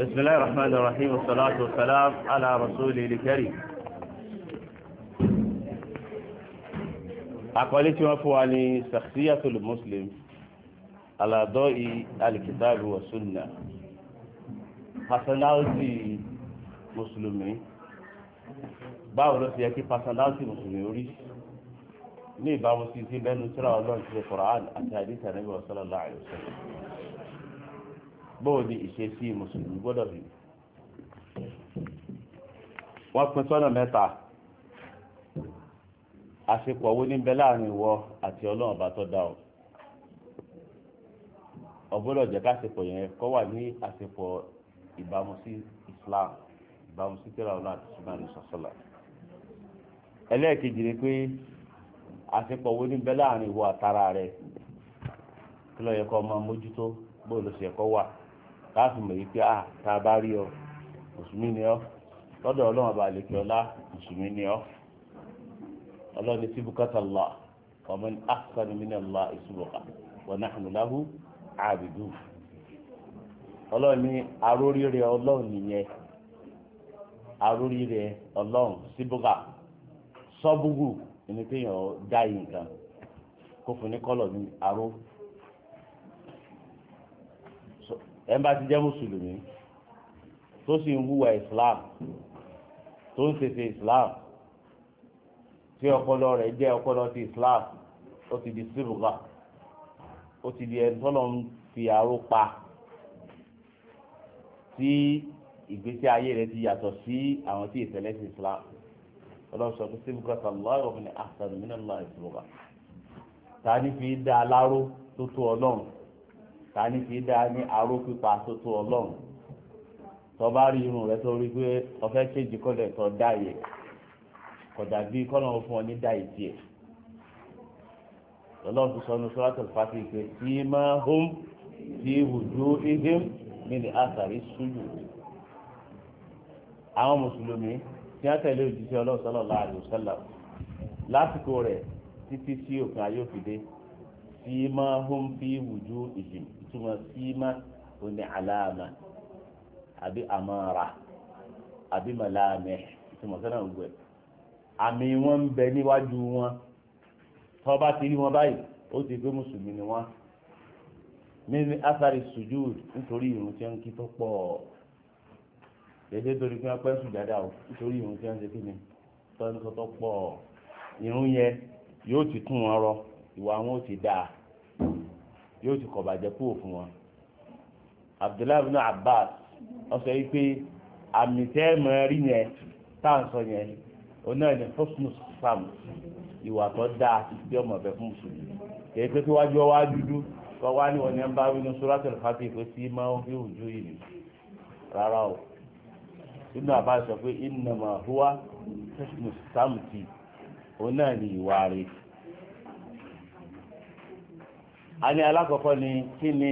بسم الله الرحمن الرحيم والصلاة والسلام على رسوله الكريم àkọlé tí wọ́n fún wa ní sakhsiyatul muslim aladọ́ì alikitaabi wa sunna personality mùsùlùmí báwo ló ti yẹ kí personality mùsùlùmí orí ní ìbámu sí ti bẹnu tíra ọlọ́run ti ṣe Qur'an àti hadith Ànábì sallallahu alaihi wasallam bóò ni ìṣesí mùsùlùmí gbọ́dọ̀ rí wọ́n pín sọ́nà mẹ́ta àṣepọ̀ owó níbẹ̀ láàrin ìwọ àti ọlọ́run ọba tó dá ọ ọgbọ́dọ̀ jẹ́ káṣepọ̀ yẹn kọ́ wà ní àṣepọ̀ ìbámu Islam ìbámu sí tẹ́lá ọlọ́run àti sùnmọ́ni sọ́sọ́là ẹlẹ́ẹ̀kejì ni pé àṣepọ̀ owó níbẹ̀ láàrin ìwọ rẹ kí yẹ mójútó láti mọ̀ yìí pé à tá a ah, bá rí ọ mùsùlùmí ni ọ lọ́dọ̀ ọlọ́run ọba àlekè ọlá mùsùlùmí ni ọ ọlọ́run ti bùkátà lọ ọmọ ní àkàtà mi ní ọlá ìṣubọ̀ká wọn náà hàn láhù àbìdù ọlọ́run ní aróríire ọlọ́run nìyẹn aróríire ọlọ́run síbùkà sọ́bùgù ẹni pé yàn ọ́ dá yìí nǹkan kó fún ní kọ́lọ̀ ní aró ẹ̀ ń bá ti jẹ́ mùsùlùmí tó sì ń hùwà islam tó ń ṣèṣe islam tí ọpọlọ rẹ̀ jẹ́ ọpọlọ ti islam ó ti di sílùkà ó ti di ẹni tọ́lọ̀ ń fi àrò pa tí ìgbésí ayé rẹ̀ ti yàtọ̀ sí àwọn tí ìṣẹ̀lẹ̀ ti islam ọlọ́run sọ pé sílùkà sàlùwà ìwọ̀n ni àṣà nìmínà náà ìṣòro ta ni fi dá aláró tó tó ọlọ́run tani kì í dáa ní aró pípa tó tó ọlọ́run tọba rí irun rẹ tó rí pé ọfẹ́ kéjì kọ́lẹ̀ tó dáyé kọjá bí kọ́lọ́run fún ọ ní dáyé tiẹ̀ lọ́lọ́run ti sọ ní sọ́ràtọ̀ fàtí pé tí máa hóm tí wùdú ihim mi ní àtàrí sùjù àwọn mùsùlùmí tí wọ́n tẹ̀lé òjíṣẹ́ ọlọ́run sallallahu alaihi wasallam lásìkò rẹ̀ títí sí òkun ayé òfìdé tí máa hóm tí wùdú ihim. ìtumọ̀ síma òní àlàmà àbí àbí màláàmẹ ìtumọ̀ sọ́nà gbogbo àmì wọn ń bẹ níwájú wọn tó bá ti rí wọn báyìí ó ti gbé mùsùlùmí ni wọn asari nítorí tí kí tó pé wọn nítorí tí wọn ṣe kí ni tó ń tó ti wọn yóò ti kọ̀ bàjẹ́ kúrò fún wọn. abdullahi ibn abbas ọsọ yìí pé àmì tẹ́ ẹ mọ rí yẹn tá à ń sọ yẹn òun náà ní fọ́sùn sam ìwà tó dáa tí ọmọ ọbẹ̀ fún mùsùlùmí kì í pé kí wájú ọwá dúdú kọ́ wá ní wọn ní ẹ bá wínú suratul fati pé sí máa ń fi ojú ìlú rárá o inú àbá sọ pé innama huwa fọ́sùn sam ti òun náà ní ìwà rèé a ní alákọ̀ọ́kọ́ ni kí ni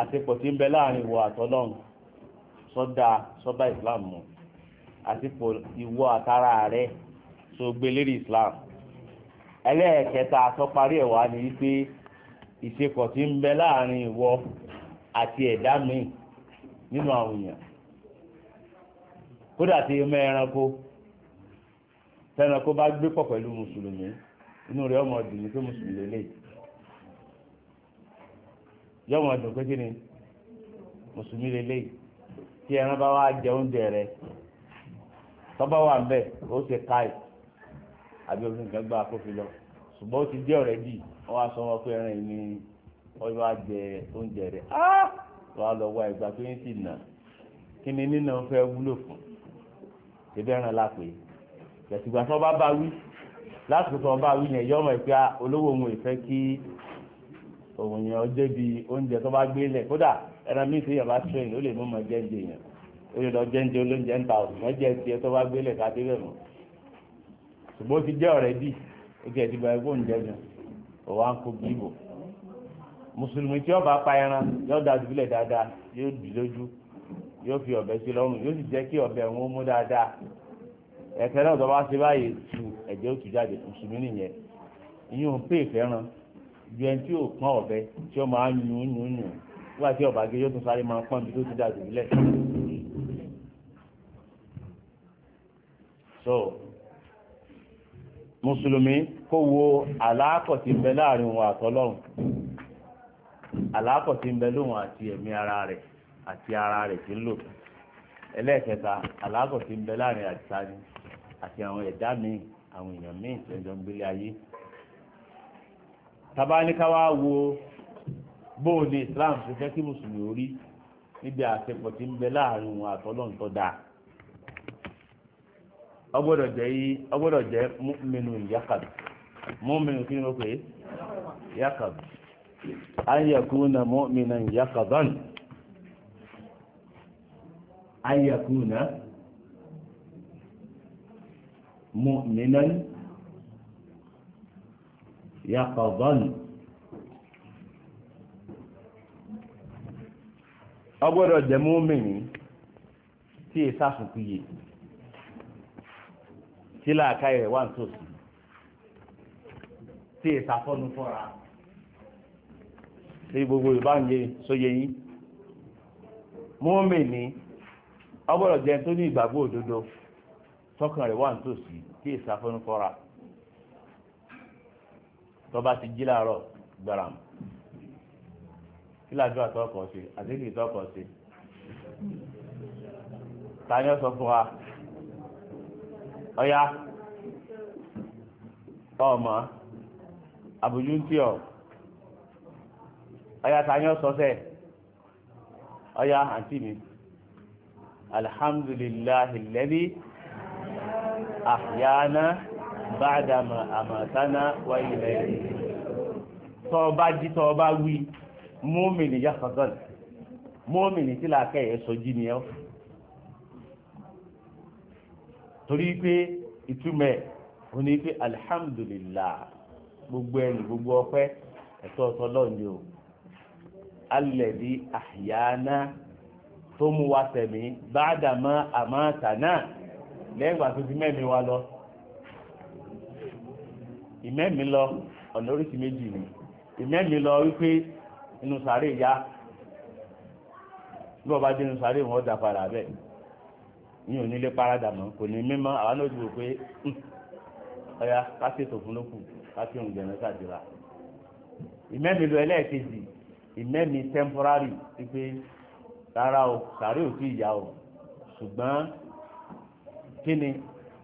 àtipọ̀ tí ń bẹ láàrin ìwọ àtọ́lọ́run sọ́dá sọ́bá islam mu àtipọ̀ ìwọ àtàrà rẹ tó gbé lérí islam ẹlẹ́ẹ̀kẹta àtọ́parí ẹ̀wà ni wípé ìṣepọ̀ tí ń bẹ láàrin ìwọ àti ẹ̀dá míì nínú àwọn èèyàn kódà tí ọmọ ẹranko tẹnako bá gbé pọ̀ pẹ̀lú mùsùlùmí inú rẹ̀ ọmọ ọdún ní pé mùsùlùmí lélẹ́yìí yọmọ ọdún pé kí ni mùsùlùmí lélẹ́yìí tí ẹran bá wá jẹ oúnjẹ rẹ tọ́ba wà ń bẹ̀ ó ṣe káì àbí omi nǹkan gbà kó fi lọ ṣùgbọ́n ó ti jẹ́ ọ̀rẹ́ dì wọ́n wá sọ wọn pé ẹran yìí ni wọ́n wá jẹ oúnjẹ rẹ wọ́n á lọ wá ìgbà tó yín sì nà kí ni nínà fẹ́ wúlò fún ṣẹbi ẹran la pè é ìgbà tí wọ́n bá bá wí lásìkò tí wọ́n bá wí yẹn yọ ìpè ah, olówó òun ìfẹ́ kí òun yẹn ọjọ́ bí oúnjẹ tó bá gbé lẹ̀ kódà ẹran míì tí yàrá train ó lè mú ọmọ jẹ́ǹjẹ yẹn ó lè lọ jẹ́ǹjẹ olóúnjẹ ń ta ọ̀sùn ọjọ́ tiẹ̀ tó bá gbé lẹ̀ ká dé bẹ̀ mọ́ ṣùgbọ́n ó ti jẹ́ ọ̀rẹ́ dì ó ti ẹ̀dìbò ẹgbẹ́ oúnjẹ jù òun á ń kó bíbò mùsùlùmí tí ọba pa ẹran yóò da dùbúlẹ̀ dáadáa yóò dì lójú yóò fi ọ̀bẹ sí lọ́rùn yóò sì jẹ́ kí ọ̀bẹ òun mú dáadáa ẹ̀kẹ́ náà tó bá ṣe báyìí tu ẹ̀jẹ̀ ó jáde mùsùlùmí nìyẹn ìyóò ń pè fẹ́ràn ju ẹni tí ò pọ́n ọ̀bẹ tí ó máa ń yún yún wá sí ọ̀bà gé yóò tún sáré máa pọ́n bí tó ti dàgbò nílẹ̀. so mùsùlùmí kó wo àlàkọ̀ tí ń bẹ láàrin òun àtọ́lọ́run àlàkọ̀ tí ń bẹ lóun àti ẹ̀mí ara rẹ̀ àti ara rẹ̀ tí ń lò ẹlẹ́ẹ̀kẹta àlàkọ̀ tí ń bẹ láàrin àti sani àti àwọn ẹ̀dá míì àwọn èèyàn míì tó ń jọ ń gbélé ayé. tabalikawa wo bóò islam ṣe fẹ́ kí mùsùlùmí orí níbi àṣepọ̀ tí ń bẹ láàrin wọn ọgbọdọ tó ọgbọ́dọ̀ jẹ́ yí ọgbọ́dọ̀ jẹ́ mọ́mìnú yakab mọ́mìnú kí ni ó pè é ayakuna yaqadan ọgbọ́dọ̀ jẹ́ mọ́mìnì tí è sáfùkúyè tí làákà rẹ̀ wà nítòsí tí è sáfọ́nù fọ́ra tí gbogbo ìbáǹgé sóye yín mọ́mìnì ọgbọ́dọ̀ jẹ́ tó ní ìgbàgbó òdodo tọkàn rẹ̀ wà nítòsí tí è sáfọ́nù fọ́ra. tọ́ba ti jí làárọ̀ gbàràm kí làdúrà tọkọ̀ sí àti kì í tọkọ̀ sí tani ó sọ fún wa ọ̀ya ọmọ àbújú ń tì ọ́ ọ̀ya tani ó sọ sẹ́ àǹtí mi alhamdulillahi alladhi ahyana báadàmà àmàtánà wá ilẹ̀ tọ́ọ̀bá jí tọ́ọ̀bá wí mọ́mìnì yá fagọ́n mọ́mìnì tí làákẹ́ ẹ̀ sọ jí ni ẹ́ torí pé ìtumẹ̀ ò pé alhamdulillah gbogbo ẹni gbogbo ọpẹ́ ẹ̀tọ́ ọ̀tọ́lọ́ ni o alẹ́bí àyáná tó mú wa tẹ̀mí báadàmà àmàtánà lẹ́yìn tó ti mẹ́mi wa lọ ìmẹ́mi lọ ọ̀nà oríṣi méjì ni ìmẹ́mi lọ wípé inú sàárè ya bí wọ́n bá dé inú sàárè wọn dà padà bẹ́ẹ̀ ní onílé parada mọ́ kò ní mímọ́ àwọn náà dúró pé ọ̀ya ká ṣètò fún lókù ká fi òǹgbẹ̀ náà ìmẹ́mi lọ ẹlẹ́ẹ̀kejì ìmẹ́mi temporary wípé rárá o sàárè ò tí ì yá o ṣùgbọ́n kí ni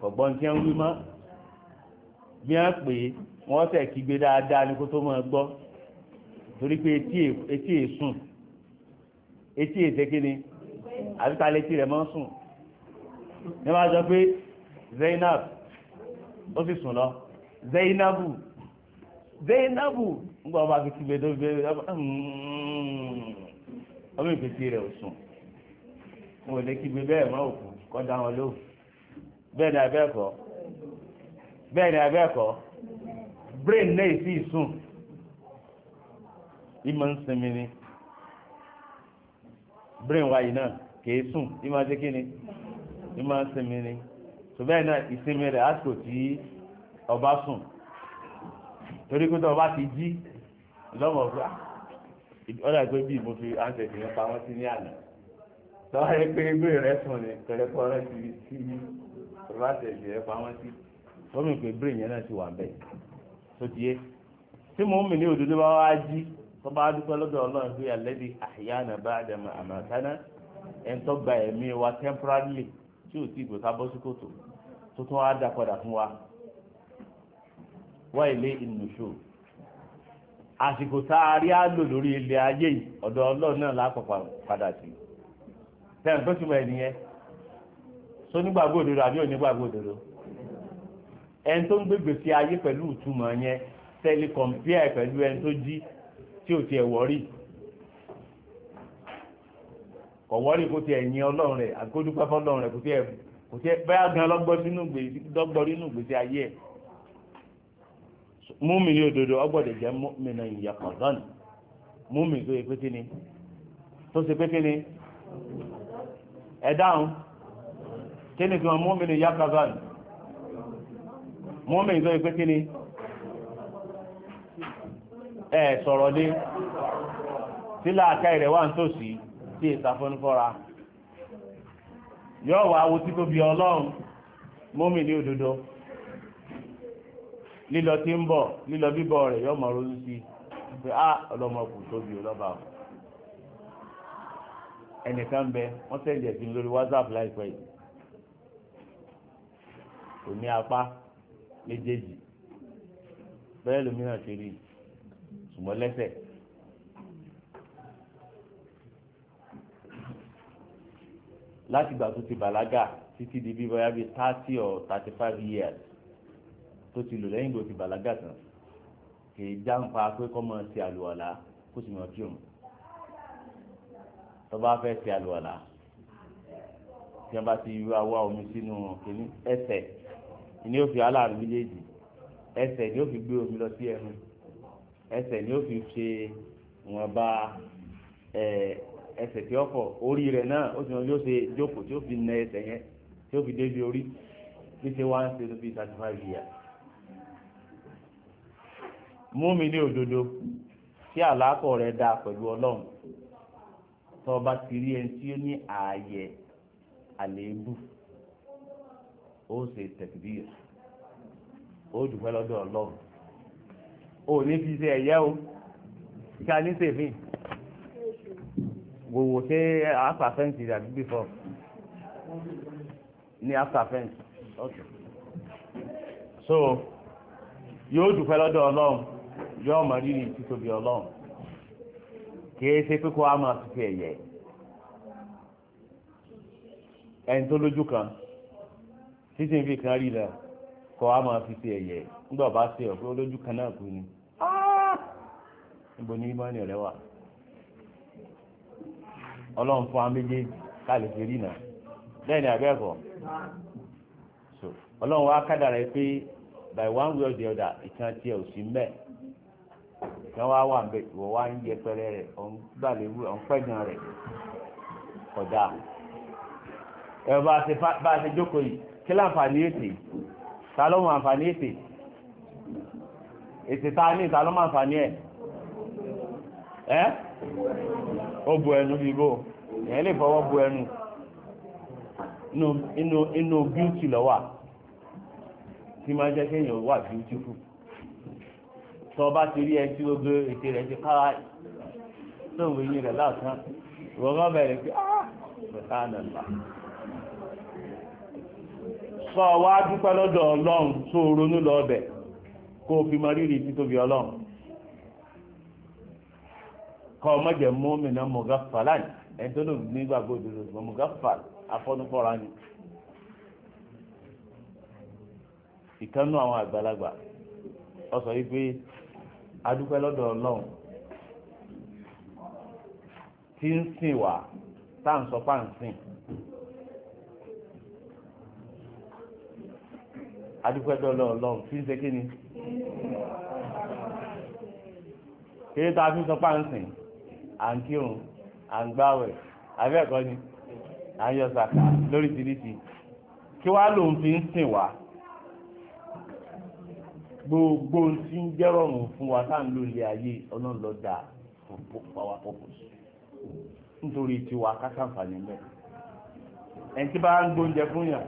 kọ̀gbọ́n tí ń wí mọ́ bí wọ́n pè é wọ́n tẹ̀ kígbe dáadáa ní kó tó máa gbọ́ torí pé etí èsùn etí ètèkíni àti ta létí rẹ̀ máa ń sùn ní wọ́n á sọ pé Zainab ó sì sùn lọ Zainabu Zainabu nígbà wọn bá fi kígbe tó fi bẹ́ẹ̀ ọmọ hmm. ìpèsè rẹ̀ ò sùn wọn ò lè kígbe bẹ́ẹ̀ máa òkú kọ́ da wọn lóhùn bẹ́ẹ̀ ni abẹ́ẹ̀kọ́ bẹ́ẹ̀ ni abẹ́ẹ̀kọ́ brain náà sì sùn ìmọ̀ ń sinmi ni brain wa yìí náà kìí sùn ìmọ̀ ṣe kí ni ìmọ̀ ń sinmi ni tó bẹ́ẹ̀ náà ìsinmi rẹ̀ àsìkò tí ọba sùn torí pé tó ọba ti jí lọ́mọ̀ fún ọ̀dà ah! pé bí mo fi àǹtẹ̀ fi pamọ́ sí ní àná tọ́wọ́ yẹ pé ìgbé rẹ̀ sùn ni pẹ̀lẹ́pọ̀ rẹ̀ ti rí sí ìrọ̀lá tẹ̀sí rẹ̀ pamọ́ sí wọ́n mi pé brain yẹn náà ti wà ń bẹ̀ tó ti yé tí mò ń mì ní òdodo bá wá jí tó bá dúpẹ́ lọ́dọ̀ ọlọ́run pé alẹ́bí àyànà bá àdàmà àmàkánná ẹ̀ ń tọ́gba ẹ̀mí wa temporarily tí ò tí ì gbé ká bọ́ sí kòtò tó tún wá dá padà fún wa wá ilé ìnùṣó àsìkò tá a rí àlò lórí ilé ayé yìí ọ̀dọ̀ ọlọ́run náà lápapà padà sí tẹ́ǹtọ́sùmọ̀ ẹ̀ nìyẹn sónígbàgbọ́ òdodo àbí onígbàgbọ́ òdodo ẹni tó ń gbégbè sí ayé pẹ̀lú ìtumọ̀ yẹn tẹ́lẹ̀ kọ̀m̀pìà pẹ̀lú ẹni tó jí tí ò tiẹ̀ wọ́rí kọ̀ wọ́rí kó tiẹ̀ yin ọlọ́run rẹ̀ àti kó dúpẹ́ fọlọ́run rẹ̀ kó tiẹ̀ kò tiẹ̀ báyà gan lọ́gbọ́n nínú gbèsè ayé ẹ̀ múmi ní òdodo ọgbọ́dọ̀ jẹ́ múmi náà ìyàpọ̀ lọ́nà múmi tó yẹ pété ni tó ṣe pété ni ẹ̀ dáhùn kí ni kí wọ́n múmi ní ìyàpọ̀ lọ́nà. mọ́mí ìzọ́ ìpé kí ni ẹ sọ̀rọ̀ lé tí láàká ìrẹ̀ wà ń tòsí tí ìsàfọ́nifọ́ra yóò wá wo tí tó bí ọlọ́run mọ́mí ní òdodo lílọ tí ń bọ̀ lílọ bíbọ̀ rẹ̀ yóò mọ̀ ronú sí pé á ah, ọlọ́mọkù tóbi ọlọ́ba ẹnìkan bẹ wọ́n tẹ̀lé ẹ̀sìn lórí WhatsApp láìpẹ́ yìí kò ní apá méjèèjì bẹ́ẹ̀ lómi náà ṣe rí ṣùgbọ́n lẹ́sẹ̀. láti ìgbà tó ti bàlágà títí di bí bóyá bíi thirty or thirty five years tó ti lò lẹ́yìn ìgbà tó ti bàlágà tán kì í jáǹpa pé kọ́ máa ṣe àlùwàlà kó sì máa kírun tó bá fẹ́ ṣe àlùwàlà tí wọ́n bá ti wá omi sínú ẹsẹ̀ ni ó fi aláàrú méjèèjì ẹsẹ̀ ni ó fi gbé omi lọ sí ẹnu ẹsẹ̀ ni ó fi ṣe wọn bá ẹsẹ̀ tí ó fọ̀ orí rẹ̀ náà ó sì wọn yóò ṣe jókòó tí ó fi na ẹsẹ̀ yẹn tí ó fi débi orí bí ṣe wá ń ṣe lóbi thirty five years. mú mi ní òdodo tí àlákọ̀ rẹ̀ dáa pẹ̀lú ọlọ́run tó o bá ti rí ẹni tí ó ní ààyè àléébù ó ṣe tẹ̀kìbíyà ó dùpẹ́ lọ́dọ̀ ọlọ́run ó ní fi ṣe ẹ̀yẹ́ o kí a ní sèfin wòwò ṣe after fence is àbí before ní after fence okay so yóò dùpẹ́ lọ́dọ̀ ọlọ́run yóò mọ rírì títóbi ọlọ́run kìí ṣe pé kó a máa fi ṣe ẹ̀yẹ́ ẹni tó lójú kan. títí fi kan rí lọ kọ́ a máa fi ṣe ẹ̀yẹ nígbà bá ṣe ọ̀ pé olójú kan náà kú ni ah! níbo ni rẹ wà fún wa ká lè fi rí ni wa kádàrá pé by one way or the other ìtàn tiẹ̀ ò sí mbẹ́ ìtàn wa wà mbẹ́ ìwọ wa ń yẹ pẹrẹ rẹ̀ rẹ̀ kọjá ẹ a ṣe jókòó yìí kí láǹfààní ètè ta ló mọ àǹfààní ètè ètè ta ní ta ló mọ àǹfààní ẹ̀ ẹ́ ó bu ẹnu bíbó ìyẹn lè fọwọ́ bu ẹnu inú inú bíútì lọ́wà tí máa jẹ́ kéèyàn wà bíútífù tó bá ti rí ẹ tí gbogbo ètè rẹ̀ ti kára tó ń rẹ̀ láàkán ìwọ̀n bẹ̀rẹ̀ pé ah sọ wá dúpẹ́ lọ́dọ̀ ọlọ́run tó ronú lọ ọbẹ̀ kó o fi mọ rírì títóbi ọlọ́run kọ́ ọmọdé mọ́mìnà mọ̀gáfà láì ẹni tó lòdì nígbàgbọ́ òdodo mọ̀gáfà afọ́nufọ́ra ni ìkánú àwọn àgbàlagbà ó sọ yìí pé adúpẹ́ lọ́dọ̀ ọlọ́run tí ń sìn wá tá à ń sọ pá adúpẹ́dọ́lọ́ ọlọ́run tí ń ṣe kí ni kéré tá a fi ń sọ páǹsìn à ń kírun à ń gbáwẹ̀ abẹ́ẹ̀kọ́ ni à ń yọ sàkà lórí tìrìtì kí wá lòun fi ń sìn wá gbogbo tí ń jẹ́rọ̀rùn fún wa tá à ń lò ilé ayé ọlọ́lọ́dà power purpose nítorí tiwa ká sàǹfààní mẹ́ ẹ̀ tí bá ń gbóúnjẹ fún yàn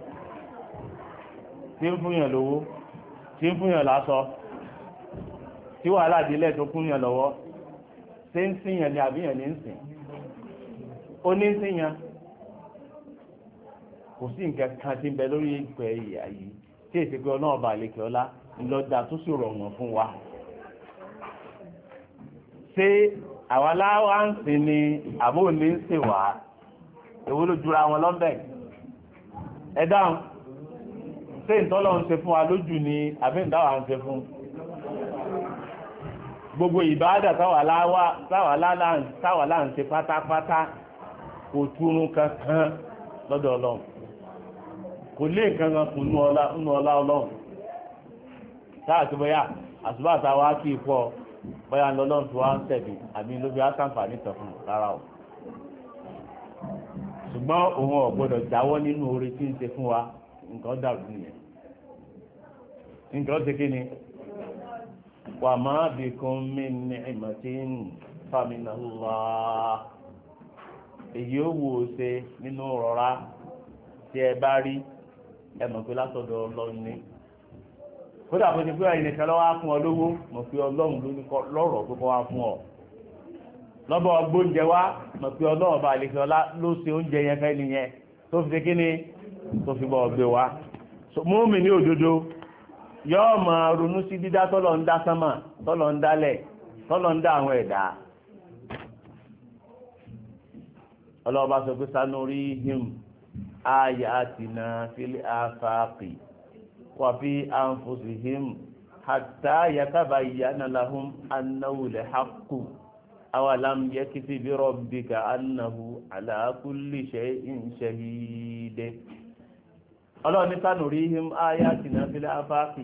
tí ń fún yàn lówó tí ń fún yàn láṣọ tí wàhálà ìdílẹ̀ tó kún yàn lọ́wọ́ ṣé ń sìn yàn ni àbí ní sìn ó ní sìn yàn kò sí nǹkan kan tí ń bẹ lórí ìpẹ́ ìyá yìí tí èsì pé ọlọ́run bá lè ọlá lọ́dà tó sì rọrùn fún wa ṣé àwọn aláwa ń sìn ni àbó ní sìn wá èwo wọn lọ́bẹ̀ ẹ dáhùn. ṣé ìtọ́lọ́ ń fún wa lójú ni àbí ń fún gbogbo ibada táwà láà ń ṣe pátápátá kò kankan lọ́dọ̀ ọlọ́run kò kankan nú ọlá ọlọ́run táà àṣùbà bọ́yá lọ́lọ́run tó wá ń àbí ló ṣùgbọ́n òun jáwọ́ nínú nǹkan ṣe kí ni wà máa bí kún mí ní ìmọ̀tí ń fàmìnà lọ èyí ó wù ó ṣe nínú rọra tí ẹ bá rí ẹ mọ̀ pé látọ̀dọ̀ ọlọ́run ni kódà bó ti pé ẹ̀yìn nìkan lọ́wọ́ á fún ọ lówó mọ̀ pé ọlọ́run ló ní lọ́rọ̀ kọ́ fún ọ lọ́bọ̀ wá mọ̀ pé ọlọ́run bá lè fi ọlá ló ṣe oúnjẹ yẹn fẹ́ nìyẹn tó fi kí yọọ máa ronú sí dídá tọ́lọ̀ ń dá sánmà tọ́lọ̀ ń dálẹ̀ tọ́lọ̀ ń dá àwọn ẹ̀dá ọlọ́ọ̀bá sọ pé sanúrí him ayé na fílẹ̀ afáàpì wà fi àǹfọ̀sì him hatta yakaba yana lahum annahu le haqqu awalam yakifi bi rabbika annahu ala kulli ọlọ́run sánú rí him áyá na sílẹ̀ afáàfì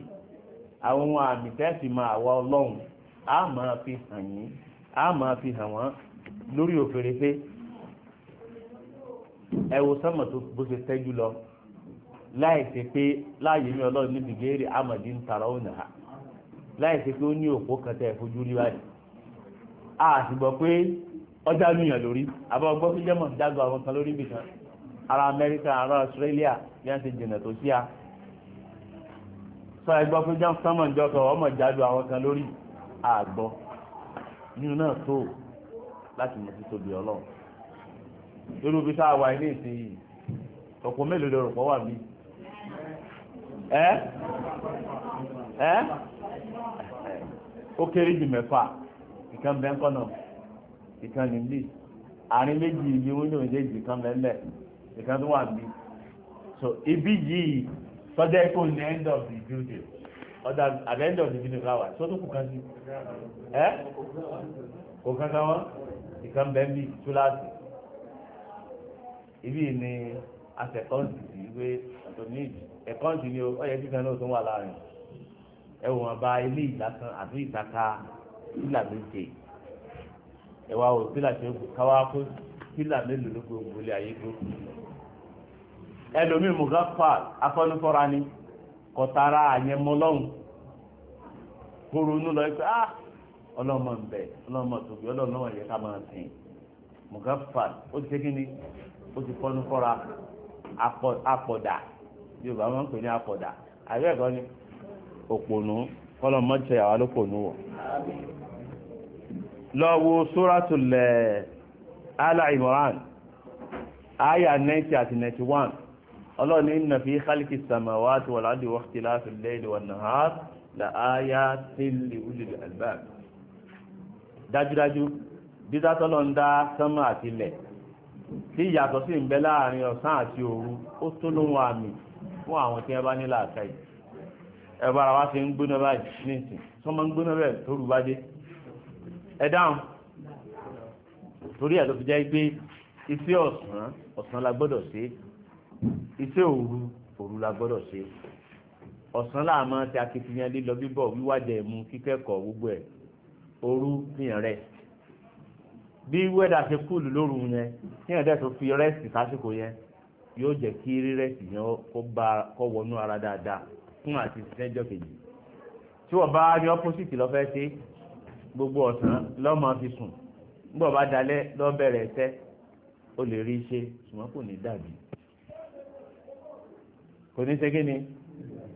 àwọn ohun àmì tẹ́sí máa wá ọlọ́run fi hàn yín a máa fi hàn wọ́n lórí òfèrèfé ẹ wo tó bó ṣe tẹ́jú lọ láì ṣe pé láàyè mi ọlọ́run níbi amadi ń tara láì ṣe pé ó ní òpó kan tẹ́ fojú rí a sì gbọ́ pé ọjà lórí àbá ọgbọ́n fi kan ara amẹ́ríkà ara australia bí wọ́n ti jìnà tó sí a sọ ẹgbọ́ pé john ọmọ àwọn kan lórí àgbọ̀ nínú náà tó láti mọ̀ sí tóbi ọlọ́run lórí ibi tá wà ilé ìsìn yìí ọ̀pọ̀ mélòó lè rò wà mí ẹ́ ẹ́ ó kéré jù mẹ́fà ìkan bẹ́ńkọ́nà ìkan nìlí àárín méjì kan bẹ́ńbẹ́ ìkan tó wà bí so ibi yìí tọ́jẹ́ ikú ní end of the building ọ̀dà at the end of the building ká wà sọ́tún kù kan sí ẹ́ kò kankan wọ́n ìkan bẹ́ẹ̀ bí túláàsì ibi ni àtẹ̀kọ́ǹtì sí wé ọ̀tọ̀ ní ẹ̀kọ́ǹtì ni ọ̀yẹ́ kíkan náà tó wà láàrin ẹ̀wọ̀n ọba ilé ìdákan àbí ìtaka pílà méje ẹ̀wà ò pílà tí ó káwá kó pílà mélòó ló gbogbo ilé ayé tó kù. ẹlòmí mughaffal afọnufọra ni kọtara àyẹmọlọ́hùn koronú lọ pé ah ọlọ́mọ ń ọlọ́mọ tóbi ọlọ́mọ yẹ ká máa sìn ó ti ṣe ni ó ti fọ́nufọ́ra apọ̀dà yorùbá máa ń pè ní apọ̀dà ẹ̀kọ́ ni òpònú kọ́lọ́mọ ti àwa ló ọlọ́ni inna fi khalqis samawati wal ardi wa ikhtilafil layli wan nahar la ayatin li ulil albab dájúdájú dídátọ́lọ́ ń dá sánmà àti ilẹ̀ tí ìyàtọ̀ sí ń bẹ láàrin ọ̀sán àti òru ó tó lóhun àmì fún àwọn tí wọ́n bá ní làákàyè ara wa ti ń gbóná báyìí nísìn tó máa ń gbóná bẹ́ẹ̀ tó rú ẹ dáhùn torí ẹ̀ tó fi jẹ́ pé iṣẹ́ ọ̀sán ọ̀sán la gbọ́dọ̀ ṣe iṣẹ́ òru òru la gbọ́dọ̀ ṣe ọ̀sán láàmú ti akitiyan lílọ bíbọ̀ wíwájẹ̀ mu kíkẹ́kọ̀ọ́ gbogbo ẹ̀ òru fihàn rẹ̀ bí wẹ́dà ṣe kúlù lóru yẹn fihàn dẹ̀ tó fi rẹ́sì sásìkò yẹn yóò jẹ́ kí rírẹ́sì yẹn kó wọnú ara dáadáa fún àti ìṣẹ́jọ́ kejì tí wọ́n bá ní ọ́pọ́sìtì lọ́fẹ́ ṣe gbogbo ọ̀sán lọ́mọ fi sùn nígbà bá dalẹ̀ lọ́bẹ̀rẹ̀ ẹ̀ṣẹ́ o lè rí iṣẹ́ ṣùgbọ́n kò ní dàbí kò ní ṣe kíni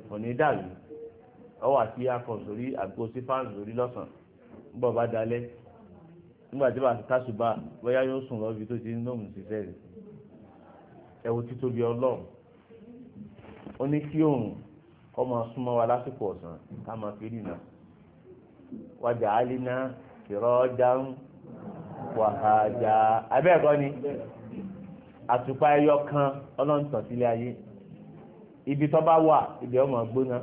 kò ní dàrú ọwọ́ àti akọ sórí àgbo sí fáànù lórí lọ́sàn ń bọ̀ bá dalẹ̀ nígbà tí bàtà tásùbà bóyá yóò sùn lọ́bi tó ti ń lóhùn ṣiṣẹ́ rẹ̀ ẹ̀wù títóbi ọlọ́run ó ní kí òun kọ́ máa súnmọ́ wa lásìkò ọ̀sán ká máa fi rìnà wájà alina ìrọ́jà ń wàhájà abẹ́ẹ̀kọ́ ni àtùpà ẹyọ kan ọlọ́run tàn sílé ayé ibi tó bá wà ibi ọmọ gbóná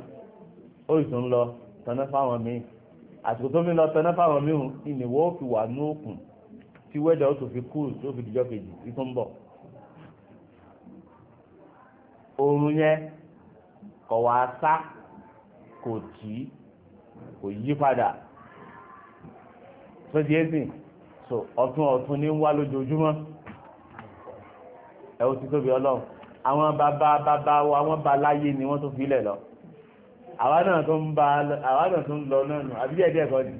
ó sì tún lọ tanná fáwọn míì àsìkò tó fi lọ tanná fáwọn míì ìnìwọ́ fi wà ní òkun tí wẹ́dà ó tó fi kúrò tó fi dijọ́ kejì tí tó ń bọ̀ oorun yẹn kọ̀ wá sá kò tì í kò yí padà tó di ẹ́sìn so ọ̀tún ọ̀tún ní ń wá lójoojúmọ́ ẹ ó ti tóbi ọlọ́run àwọn bàbá bàbá wa wọ́n bá láyé ni wọ́n tó fi lẹ̀ lọ àwa náà tó ń lọ náà nù àbí ẹ̀dẹ́ ẹ̀kọ́ ni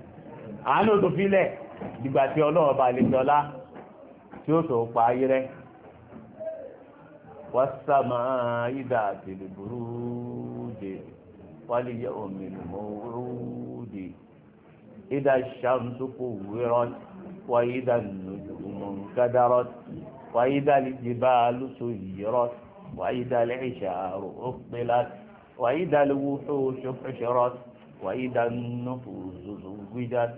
àwa náà tó fi lẹ̀ dìgbà tí ọlọ́wọ́ bá lè jọlá tí ó tó pa ayé rẹ̀ wàsàmà ìdá àtìlìbùrú dè wálé yẹ omi lùmọ́rú ìdá sàmùsùkò wúrọ́ wáyé ìdá nùjú mọ̀nkádárọ́ wáyé ìdá lìjìbá lùsọ̀ yìírọ́. وإذا العشار أفضلت وإذا الوحوش حشرت وإذا النفوس زوجت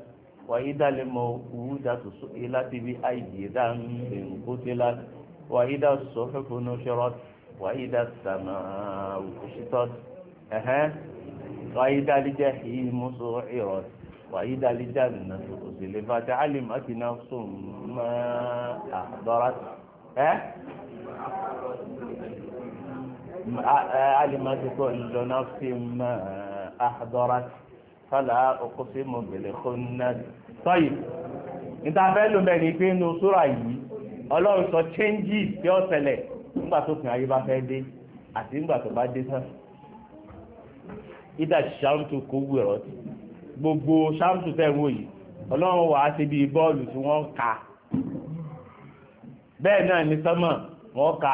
وإذا الموءودة سئلت بأي ذنب قتلت وإذا الصحف نشرت وإذا السماء كشطت أها وإذا الجحيم سعرت وإذا الجنة أزلفت علمت نفس ما أحضرت أه علمت كل نفس ما أحضرت فلا أقسم بالخنس طيب níta fẹ́ ló mẹ́rin pé inú súra yìí ọlọ́run sọ changes tí ó ṣẹlẹ̀ nígbà tó kàn ayé bá fẹ́ dé àti nígbà tó bá dé tán ìdá ṣàǹtù kó wù ẹ̀rọ tí gbogbo ṣàǹtù tẹ̀ wò yìí ọlọ́run wàá ṣe bíi bọ́ọ̀lù tí wọ́n ń ka bẹ́ẹ̀ náà ní sánmọ̀ wọ́n ka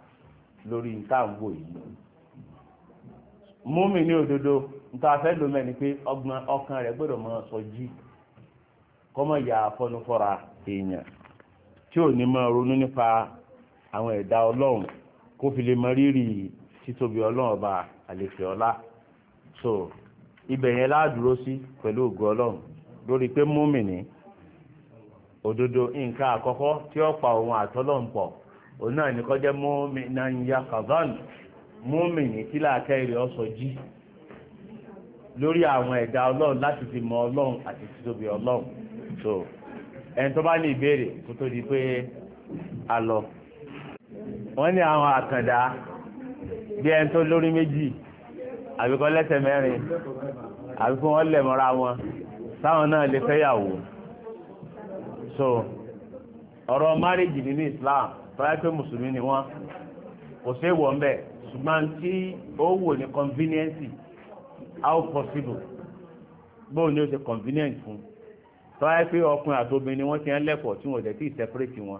lórí táàwò yìí múmi ní òdodo nta fẹ́ lómi ẹni pé ọgbọ́n ọkàn rẹ gbọdọ máa sọ jí kọ́mọ ìyá afọ́nufọ́ra èèyàn tí ò ní mọ ronú nípa àwọn ẹ̀dá ọlọ́run kó fi lè mọ rírì títóbi ọba àlèfẹ́ so yẹn láàdúró sí lórí pé múmi ní òdodo nǹkan tí ó òun náà ní kọjá mọ́mí náà ń ya kazan mọ́mí ní kí láàkẹ́ rẹ̀ ọ̀sọ̀ jí lórí àwọn ẹ̀dá ọlọ́run láti fi mọ ọlọ́run àti títóbi ọlọ́run so ẹni tó bá ní ìbéèrè kó tó di pé a lọ wọ́n ní àwọn àkàndá bí ẹni tó lórí méjì àbíkọ́ lẹ́sẹ̀ mẹ́rin àbí fún wọn lẹ̀ mọ́ra wọn sáwọn náà lè fẹ́yàwó so ọ̀rọ̀ márìjì nínú Islam tọ́lá pé mùsùlùmí ni wọ́n kò sí èèwọ̀ ńbẹ̀ ṣùgbọ́n tí ó wò ní convenience how possible bóun ni ó ṣe convenient fún tọ́lá pé ọkùnrin àti obìnrin ni wọ́n ti ń lẹ́pọ̀ tí wọ́n dẹ̀ ti separate wọn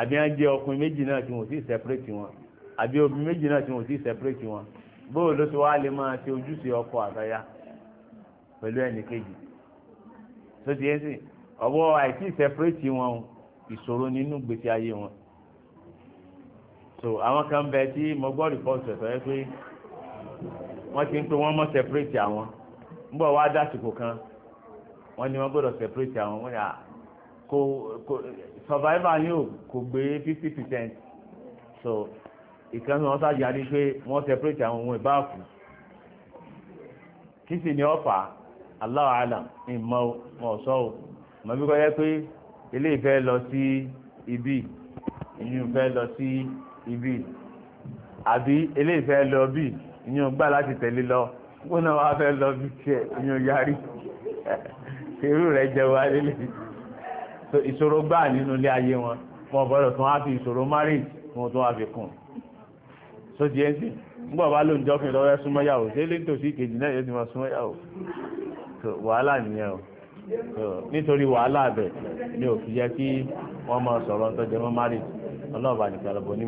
àbí wọ́n jẹ́ ọkùnrin méjì náà tí wọ́n ti separate wọn àbí obìnrin méjì náà tí wọ́n ti separate wọn bóun ló ti wá lè máa ṣe ojúṣe ọkọ àtaya pẹ̀lú ẹnì kejì tó ti yẹ sí ọwọ́ àìsí separate wọn ìṣòro nínú gbèsè ayé wọn so àwọn kan bẹ tí mo gbọ́ rìpọ́ọ̀tù ẹ̀ sọ́yẹ́ pé wọ́n ti ń pé wọ́n mọ̀ sẹ́pẹ́rẹ́tì àwọn ń bọ̀ wá dásìkò kan wọ́n ní wọ́n gbọ́dọ̀ sẹ́pẹ́rẹ́tì àwọn wọ́n yà kò kò survivor yóò kò gbé fifty percent so ìkànnì wọn sáà yarí pé wọ́n sẹ́pẹ́rẹ́tì àwọn ohun ìbá kù kí sì ni ọ̀fà Allahu alam ìmọ̀ ọ̀ṣọ́ o màbí kọ́ yẹ pé ilé ìfẹ́ lọ sí ibi ìyún fẹ́ lọ sí ibi àbí eléyìí fẹ́ lọ bí ìyẹn gbà láti tẹ̀lé lọ ó náà wá fẹ́ lọ bí tiẹ̀ ìyẹn yarí irú rẹ̀ jẹ́ wá lélẹ̀ ìṣòro gbà nínú ilé ayé wọn wọn bọ̀dọ̀ tún á fi ìṣòro marriage wọn tún á fi kùn so di ẹnsì nígbà bá ló ń jọ́ fún lọ́wọ́ súnmọ́ yàwó ṣé lè tòsí ìkejì náà yóò ti máa súnmọ́ yàwó wàhálà nìyẹn o nítorí wàhálà bẹ̀ ni ò fi yẹ kí wọ́n máa sọ̀rọ̀ ń tọ́jú mọ́ marriage ọlọ́ọ̀bà nìkan lọ́bọ̀ ní